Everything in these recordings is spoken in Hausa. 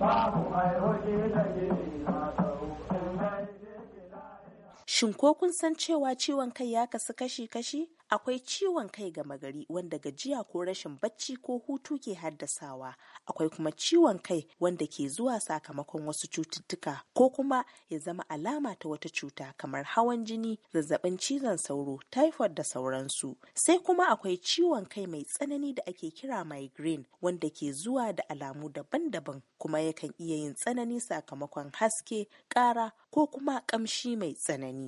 Babu mai hoji da ke Shin ko kun san cewa ciwon kai ya kasu kashi-kashi? Akwai ciwon kai gama gari wanda gajiya ko rashin bacci ko hutu ke haddasawa. Akwai kuma ciwon kai wanda ke zuwa sakamakon wasu cututtuka ko kuma ya zama alama ta wata cuta kamar hawan jini, zazzabin cizon sauro, typhoid da sauransu. Sai kuma akwai ciwon kai mai tsanani da ake kira migraine wanda ke zuwa da alamu daban-daban kuma yakan iya yin tsanani sakamakon haske, ƙara ko kuma ƙamshi mai tsanani.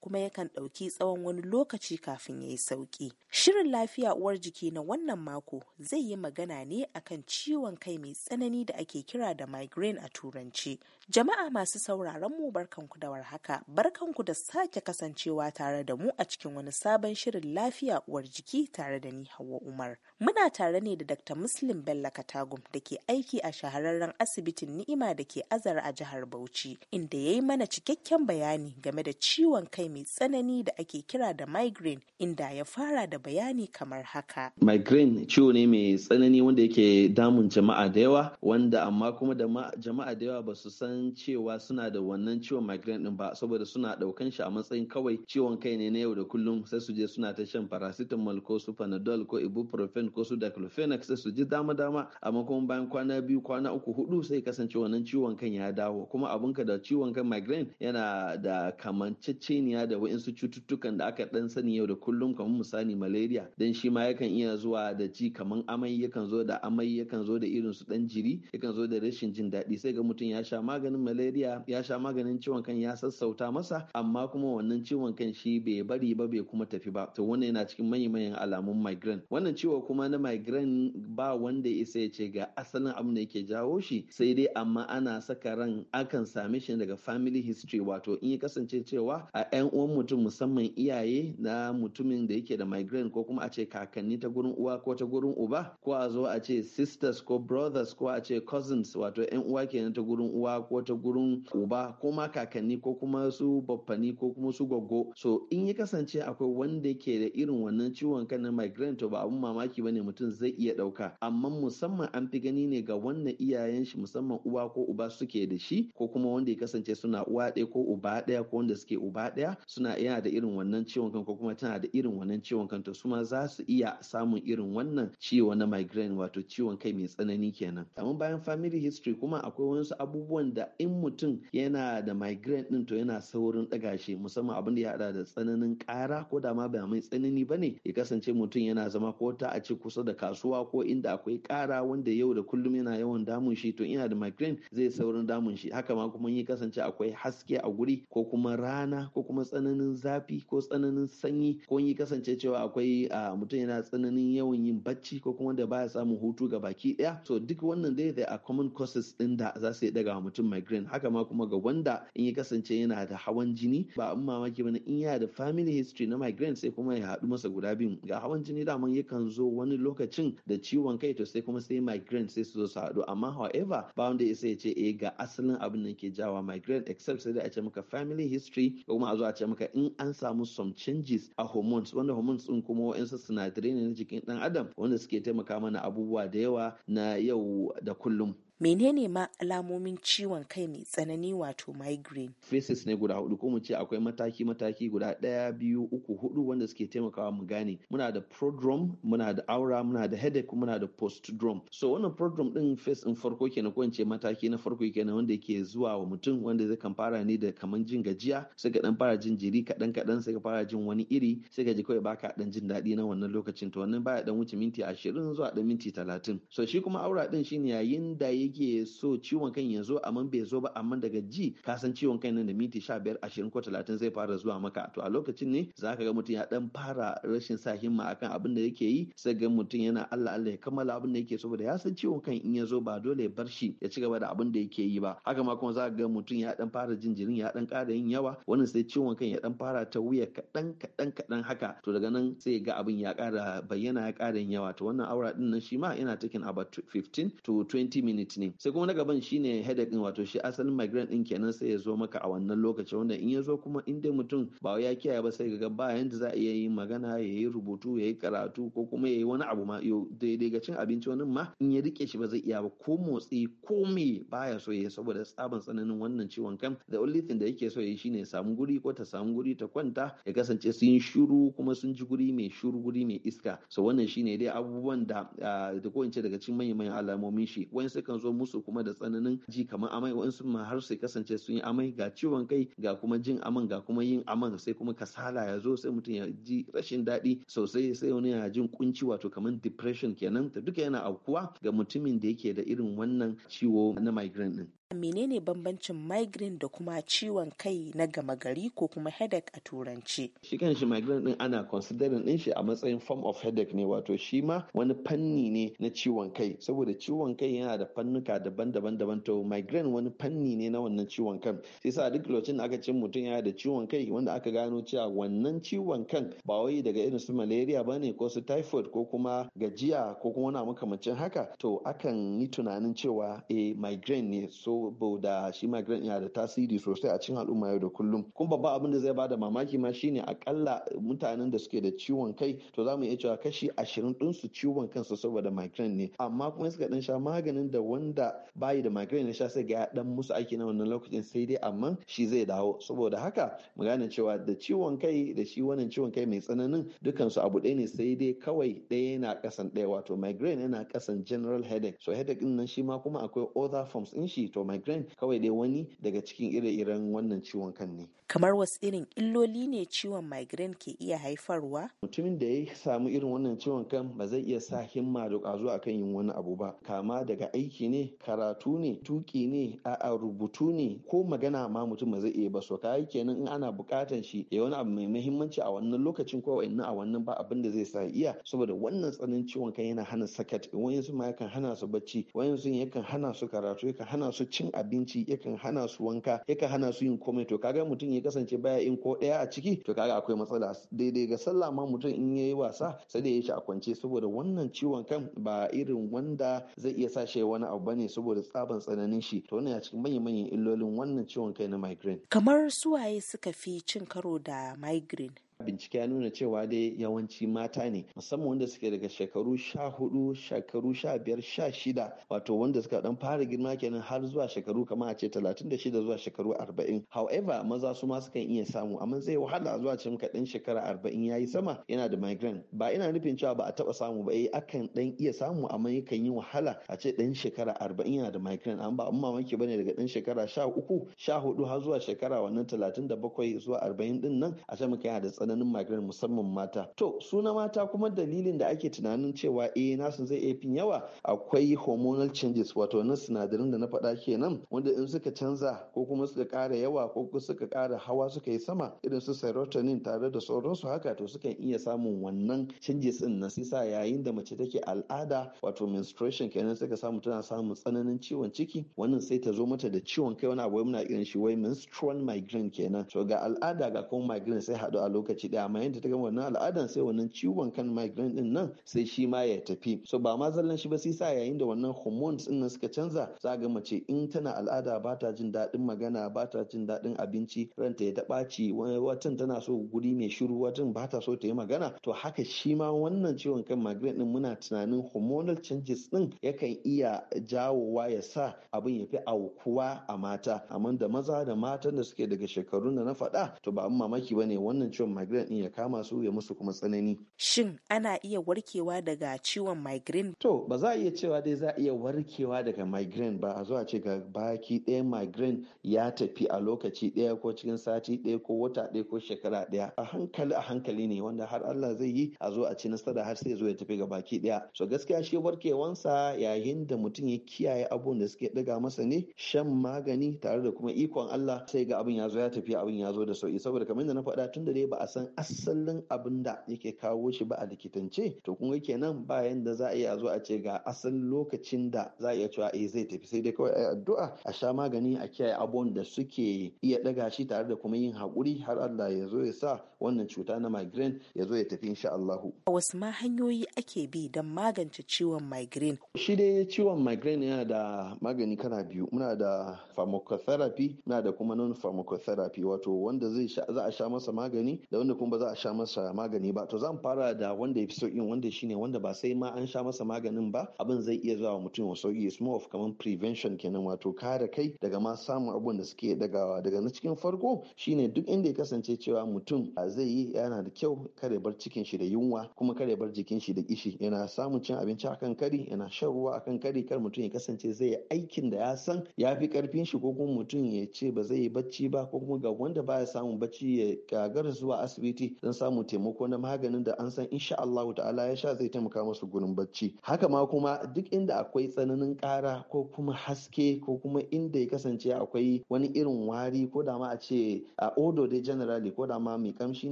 kuma yakan ɗauki tsawon wani lokaci kafin ya yi sauƙi. Shirin lafiya uwar jiki na wannan mako zai yi magana ne akan ciwon kai mai tsanani da ake kira da migraine a turanci. Jama'a masu sauraron mu barkanku da warhaka, barkanku da sake kasancewa tare da mu a cikin wani sabon shirin lafiya uwar jiki tare da ni Hauwa Umar. Muna tare ne da Dr. Muslim Bello Katagum da ke aiki a shahararren asibitin Ni'ima da ke Azar a jihar Bauchi, inda ya yi mana cikakken bayani game da ciwon kai mai tsanani da ake kira da migraine inda ya fara da bayani kamar haka. Migraine ciwo ne mai tsanani wanda yake damun jama'a da yawa wanda amma kuma da jama'a da yawa ba su san cewa suna da wannan ciwon migraine din ba saboda suna daukan shi a matsayin kawai ciwon kai ne na yau da kullum sai su je suna ta shan paracetamol ko su panadol ko ibuprofen ko su diclofenac sai su ji dama dama amma kuma bayan kwana biyu kwana uku hudu sai kasance wannan ciwon kan ya dawo kuma ka da ciwon kan migraine yana da kamanceceniya kamuwa da waɗansu cututtukan da aka ɗan sani yau da kullum kamar misali malaria dan shi ma yakan iya zuwa da ji kamar amai yakan zo da amai yakan zo da irin su dan jiri yakan zo da rashin jin daɗi sai ga mutum ya sha maganin malaria ya sha maganin ciwon kan ya sassauta masa amma kuma wannan ciwon kan shi bai bari ba bai kuma tafi ba to wannan yana cikin manyan alamun migraine wannan ciwo kuma na migraine ba wanda isa ya ce ga asalin abin da yake jawo shi sai dai amma ana saka ran akan same shi daga family history wato in ya kasance cewa a 'yan uwan mutum musamman iyaye na mutumin da yake da migraine ko kuma a ce kakanni ta gurin uwa ko ta gurin uba ko a zo a ce sisters ko brothers ko a ce cousins wato 'yan uwa kenan ta gurin uwa ko ta gurin uba ko ma kakanni ko kuma su baffani ko kuma su goggo so in ya kasance akwai wanda ke da irin wannan ciwon kan na migraine to ba abun mamaki bane mutum zai iya dauka amma musamman an fi gani ne ga wannan iyayen shi musamman uwa ko uba suke da shi ko kuma wanda ya kasance suna uwa ɗaya ko uba ɗaya ko wanda suke uba ɗaya suna yana da irin wannan ciwon kan ko kuma tana da irin wannan ciwon kan to su ma za su iya samun irin wannan ciwo na migraine wato ciwon kai mai tsanani kenan amma bayan family history kuma akwai wasu abubuwan da in mutum yana da migraine din to yana saurin daga shi musamman abin da ya hada da tsananin kara ko da ma ba mai tsanani bane ya kasance mutum yana zama ko ta a ce kusa da kasuwa ko inda akwai kara wanda yau da kullum yana yawan damun shi to ina da migraine zai saurin damun shi haka ma kuma ya kasance akwai haske a guri ko kuma rana ko kuma tsananin zafi ko tsananin sanyi ko in yi kasance cewa akwai a mutum yana tsananin yawan yin bacci ko kuma da baya samun hutu ga baki ɗaya. to duk wannan dai da a common causes din da za su daga mutum migraine haka ma kuma ga wanda in ya kasance yana da hawan jini ba in mamaki ba in yana da family history na migraine sai kuma ya haɗu masa guda biyun ga hawan jini daman yakan zo wani lokacin da ciwon kai to sai kuma sai migraine sai su zo su haɗu amma however ba wanda ya sai ya ce eh ga asalin abin da ke jawa migraine except sai da a ce maka family history ko kuma a zo a ce maka in an samu some changes a hormones wanda hormones din kuma wa'ansu sinadirai ne na jikin dan adam wanda suke taimaka mana abubuwa da yawa na yau da kullum menene ma alamomin ciwon kai mai tsanani wato migraine faces ne guda hudu ko mu ce akwai mataki mataki guda ɗaya biyu uku hudu wanda suke taimakawa mu gane muna da prodrome muna da aura muna da headache muna da postdrome so wannan prodrome din face in farko kenan ko in ce mataki na farko kenan wanda yake zuwa wa mutum wanda zai kan fara ne da kaman jin gajiya sai ka dan fara jin jiri kadan kadan sai ka fara jin wani iri sai ka ji kawai baka dan jin daɗi na wannan lokacin to wannan baya dan wuce minti 20 zuwa dan minti 30 so shi kuma aura din shine yayin da yake yake so ciwon kan yanzu zo amma bai zo ba amma daga ji ka san ciwon kan nan da miti sha biyar ashirin ko talatin zai fara zuwa maka to a lokacin ne zaka ga mutum ya dan fara rashin sa himma akan abin da yake yi sai ga mutum yana Allah Allah ya kammala abin da yake saboda ya san ciwon kan in ya zo ba dole ya bar shi ya ci gaba da abin da yake yi ba haka ma kuma za ga mutum ya dan fara jin ya dan ƙara yin yawa wannan sai ciwon kan ya dan fara ta wuya kaɗan kaɗan kaɗan haka to daga nan sai ga abin ya ƙara bayyana ya ƙara yin yawa to wannan aura din nan shi ma yana taking about 15 to 20 minutes ne sai kuma na gaban shine headache din wato shi asalin migraine din kenan sai ya zo maka a wannan lokacin wanda in ya zo kuma in dai mutum ba ya kiyaye ba sai ga ba yanda za a iya magana ya yi rubutu ya yi karatu ko kuma ya yi wani abu ma daidai ga cin abinci wani ma in ya rike shi ba zai iya ba ko motsi ko me baya so ya saboda tsaban tsananin wannan ciwon kan the only thing da yake so ya yi shine samu guri ko ta samu guri ta kwanta ya kasance sun shiru kuma sun ji guri mai shuru guri mai iska so wannan shine dai abubuwan da ah, da ko in ce daga cikin manyan alamomin shi wani sukan zo musu kuma da tsananin ji kamar amai wa'ansu ma har sai kasance sun yi amai ga ciwon kai ga kuma jin aman ga kuma yin aman sai kuma kasala ya zo sai mutum ya ji rashin daɗi sosai sai wani ya jin kunci wato kamar depression kenan ta duka yana aukuwa ga mutumin da yake da irin wannan ciwo na migraine din Menene bambancin migraine da kuma ciwon kai na gama gari ko kuma headache a turanci? Shi kanshi migraine din ana considering din shi a matsayin form of headache ne wato shi ma wani fanni ne na ciwon kai saboda ciwon kai yana da fannuka daban-daban daban to migraine wani fanni ne na wannan ciwon kan sai sa duk lokacin da aka ce mutum yana da ciwon kai wanda aka gano cewa wannan ciwon kan ba wai daga irin su malaria bane ko su typhoid ko kuma gajiya ko kuma wani makamancin haka to akan yi tunanin cewa eh migraine ne so saboda shi migrant yana da tasiri sosai a cikin al'umma yau da kullum kun babba abin da zai bada mamaki ma shine akalla mutanen da suke da ciwon kai to zamu iya cewa kashi ashirin din su ciwon kansu saboda migraine ne amma kuma suka dan sha maganin da wanda bayi da migraine ya sha sai ga dan musu aiki na wannan lokacin sai dai amma shi zai dawo saboda haka mu gane cewa da ciwon kai da shi wannan ciwon kai mai tsananin dukansu abu ɗaya ne sai dai kawai ɗaya yana kasan ɗaya wato migraine yana kasan general headache so headache din nan shi ma kuma akwai other forms in shi to migraine kawai dai wani daga cikin ire-iren wannan ciwon kan ne kamar wasu irin illoli ne ciwon migraine ke iya haifarwa mutumin da ya samu irin wannan ciwon kan ba zai iya sa himma da ƙwazo akan yin wani abu ba kama daga aiki ne karatu ne tuki ne a'a rubutu ne ko magana ma mutum ba zai iya ba so kai kenan in ana buƙatan shi ya wani abu mai muhimmanci a wannan lokacin ko wa'annan a wannan ba abin da zai sa iya saboda wannan tsananin ciwon kan yana hana sakat wayansu ma yakan hana su bacci wayansu yakan hana su karatu yakan hana su cin abinci yakan hana su wanka yakan hana su yin komai to kaga mutum ya kasance baya in ko ɗaya a ciki to kaga akwai matsala daidai ga sallah ma mutum in yayi wasa sai da ya shi a kwance saboda wannan ciwon kan ba irin wanda zai iya sa shi wani abu bane saboda tsaban tsananin shi to wannan ya cikin manyan manyan illolin wannan ciwon kai na migraine kamar suwaye suka fi cin karo da migraine bincike ya nuna cewa dai yawanci mata ne musamman wanda suke daga shekaru sha hudu shekaru sha biyar sha shida wato wanda suka dan fara girma kenan har zuwa shekaru kamar a ce talatin da shida zuwa shekaru arba'in however maza su ma sukan iya samu amma zai wahala zuwa ce muka dan shekara arba'in yayi sama yana da migraine ba ina nufin cewa ba a taba samu ba eh akan dan iya samu amma yakan yi wahala a ce dan shekara arba'in yana da migraine amma ba amma mamaki bane daga dan shekara sha uku sha hudu har zuwa shekara wannan talatin da bakwai zuwa arba'in din nan a ce muka yana da tsananin migraine musamman mata to su mata kuma dalilin da ake tunanin cewa eh nasu zai iya fin yawa akwai hormonal changes wato na sinadarin da na faɗa kenan wanda in suka canza ko kuma suka ƙara yawa ko kuma suka ƙara hawa suka yi sama irin su serotonin tare da sauransu haka to sukan iya samun wannan changes din na sisa yayin da mace take al'ada wato menstruation kenan suka samu tana samun tsananin ciwon ciki wannan sai ta zo mata da ciwon kai wani abu muna irin shi wai menstrual migraine kenan to ga al'ada ga kuma migraine sai haɗu a lokaci lokaci daya amma yadda ta gama wannan al'adan sai wannan ciwon kan migraine din nan sai shi ma ya tafi so ba ma zallan shi ba sai sa yayin da wannan hormones din nan suka canza za ga mace in tana al'ada ba ta jin daɗin magana ba ta jin daɗin abinci ranta ya taɓaci watan tana so guri mai shiru watan ba ta so ta yi magana to haka shi ma wannan ciwon kan migraine din muna tunanin hormonal changes din yakan iya jawowa ya sa abin ya fi aukuwa a mata amma da maza da matan da suke daga shekarun da na faɗa to ba mamaki ba ne wannan ciwon migraine din ya kama su ya musu kuma tsanani shin ana iya warkewa daga ciwon migraine to ba za a iya cewa dai za a iya warkewa daga migraine ba a zuwa ce ga baki ɗaya migraine ya tafi a lokaci ɗaya ko cikin sati ɗaya ko wata ɗaya ko shekara ɗaya a hankali a hankali ne wanda har Allah zai yi a zo a ci nasara har sai zo ya tafi ga baki ɗaya so gaskiya shi warkewansa yayin da mutum ya kiyaye abubuwan da suke ɗaga masa ne shan magani tare da kuma ikon Allah sai ga abin ya zo ya tafi abin ya zo da sauƙi. saboda kamar da na faɗa tun da dai ba a san san asalin abin da yake kawo shi ba a likitance to yake kenan ba yanda za a iya zo a ce ga asalin lokacin da za a iya cewa eh zai tafi sai dai kawai ai addu'a a sha magani a kiyaye abubuwan da suke iya ɗaga shi tare da kuma yin haƙuri har Allah ya zo ya sa wannan cuta na migraine ya zo ya tafi insha Allah wasu ma hanyoyi ake bi don magance ciwon migraine shi dai ciwon migraine yana da magani kana biyu muna da pharmacotherapy muna da kuma non pharmacotherapy wato wanda zai za a sha masa magani da wanda kuma ba za a sha masa magani ba to zan fara da wanda ya fi sauƙin wanda shine wanda ba sai ma an sha masa maganin ba abin zai iya zuwa wa mutum wa sauƙi is more of kamar prevention kenan wato kare kai daga ma samun abubuwan da suke dagawa daga na cikin farko shine duk inda ya kasance cewa mutum zai yi yana da kyau kare bar cikin shi da yunwa kuma kare bar jikin shi da kishi yana samun cin abinci akan kari yana shan ruwa akan kari kar mutum ya kasance zai yi aikin da ya san ya fi karfin shi ko kuma mutum ya ce ba zai yi bacci ba ko kuma ga wanda baya samun bacci ya gagar zuwa asibiti don samun taimako na maganin da an san insha Allah ta'ala ya sha zai taimaka musu gurin bacci haka ma kuma duk inda akwai tsananin kara ko kuma haske ko kuma inda ya kasance akwai wani irin wari ko da ma a ce a odo dai generally ko da ma mai kamshi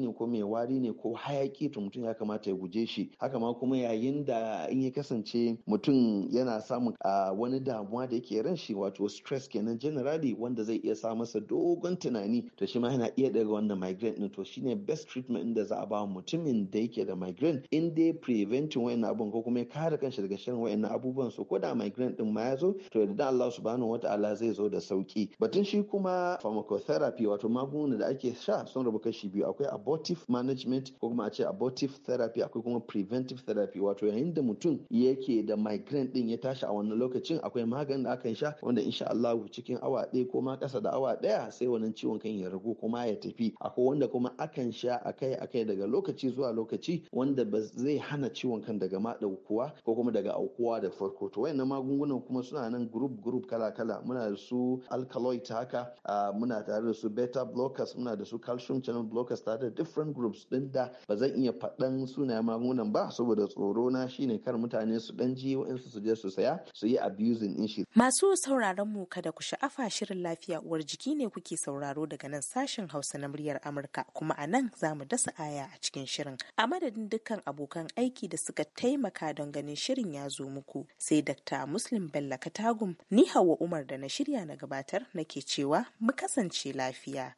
ne ko mai wari ne ko hayaki to mutum ya kamata ya guje shi haka ma kuma yayin da in ya kasance mutum yana samun a wani damuwa da yake ran shi wato stress kenan generally wanda zai iya sa masa dogon tunani to shi ma yana iya daga wannan migraine din to shine best treatment inda za a ba mutumin da yake da migraine in dai preventing wayannan abun ko kuma ya kare kanshi daga shirin wayannan abubuwan so ko da migraine din ma ya zo to yadda Allah subhanahu wataala zai zo da sauki batun shi kuma pharmacotherapy wato magunguna da ake sha sun rabu kashi biyu akwai abortive management ko kuma a ce abortive therapy akwai kuma preventive therapy wato yayin da mutum yake da migraine din ya tashi a wannan lokacin akwai maganin da akan sha wanda insha Allah cikin awa ɗaya ko ma ƙasa da awa ɗaya sai wannan ciwon kan ya ragu kuma ya tafi akwai wanda kuma akan sha akai akai daga lokaci zuwa lokaci wanda ba zai hana ciwon kan daga ma daukuwa ko kuma daga aukuwa da farko to wayannan magungunan kuma suna nan group group kala kala muna da su alkaloid haka muna tare da su beta blockers muna da su calcium channel blockers tare da different groups din da ba zan iya faɗan sunayen magungunan ba saboda tsoro na shine kar mutane su dan ji wa'ansu su je su saya su yi abusing din shi masu sauraron mu kada ku sha'afa shirin lafiya uwar jiki ne kuke sauraro daga nan sashen Hausa na muryar Amurka kuma a nan za mu dasa aya a cikin shirin. A madadin dukkan abokan aiki da suka taimaka don ganin shirin ya zo muku sai Dr. Muslim Bello Katagum ni Hauwa Umar da na shirya na gabatar nake cewa mu kasance lafiya.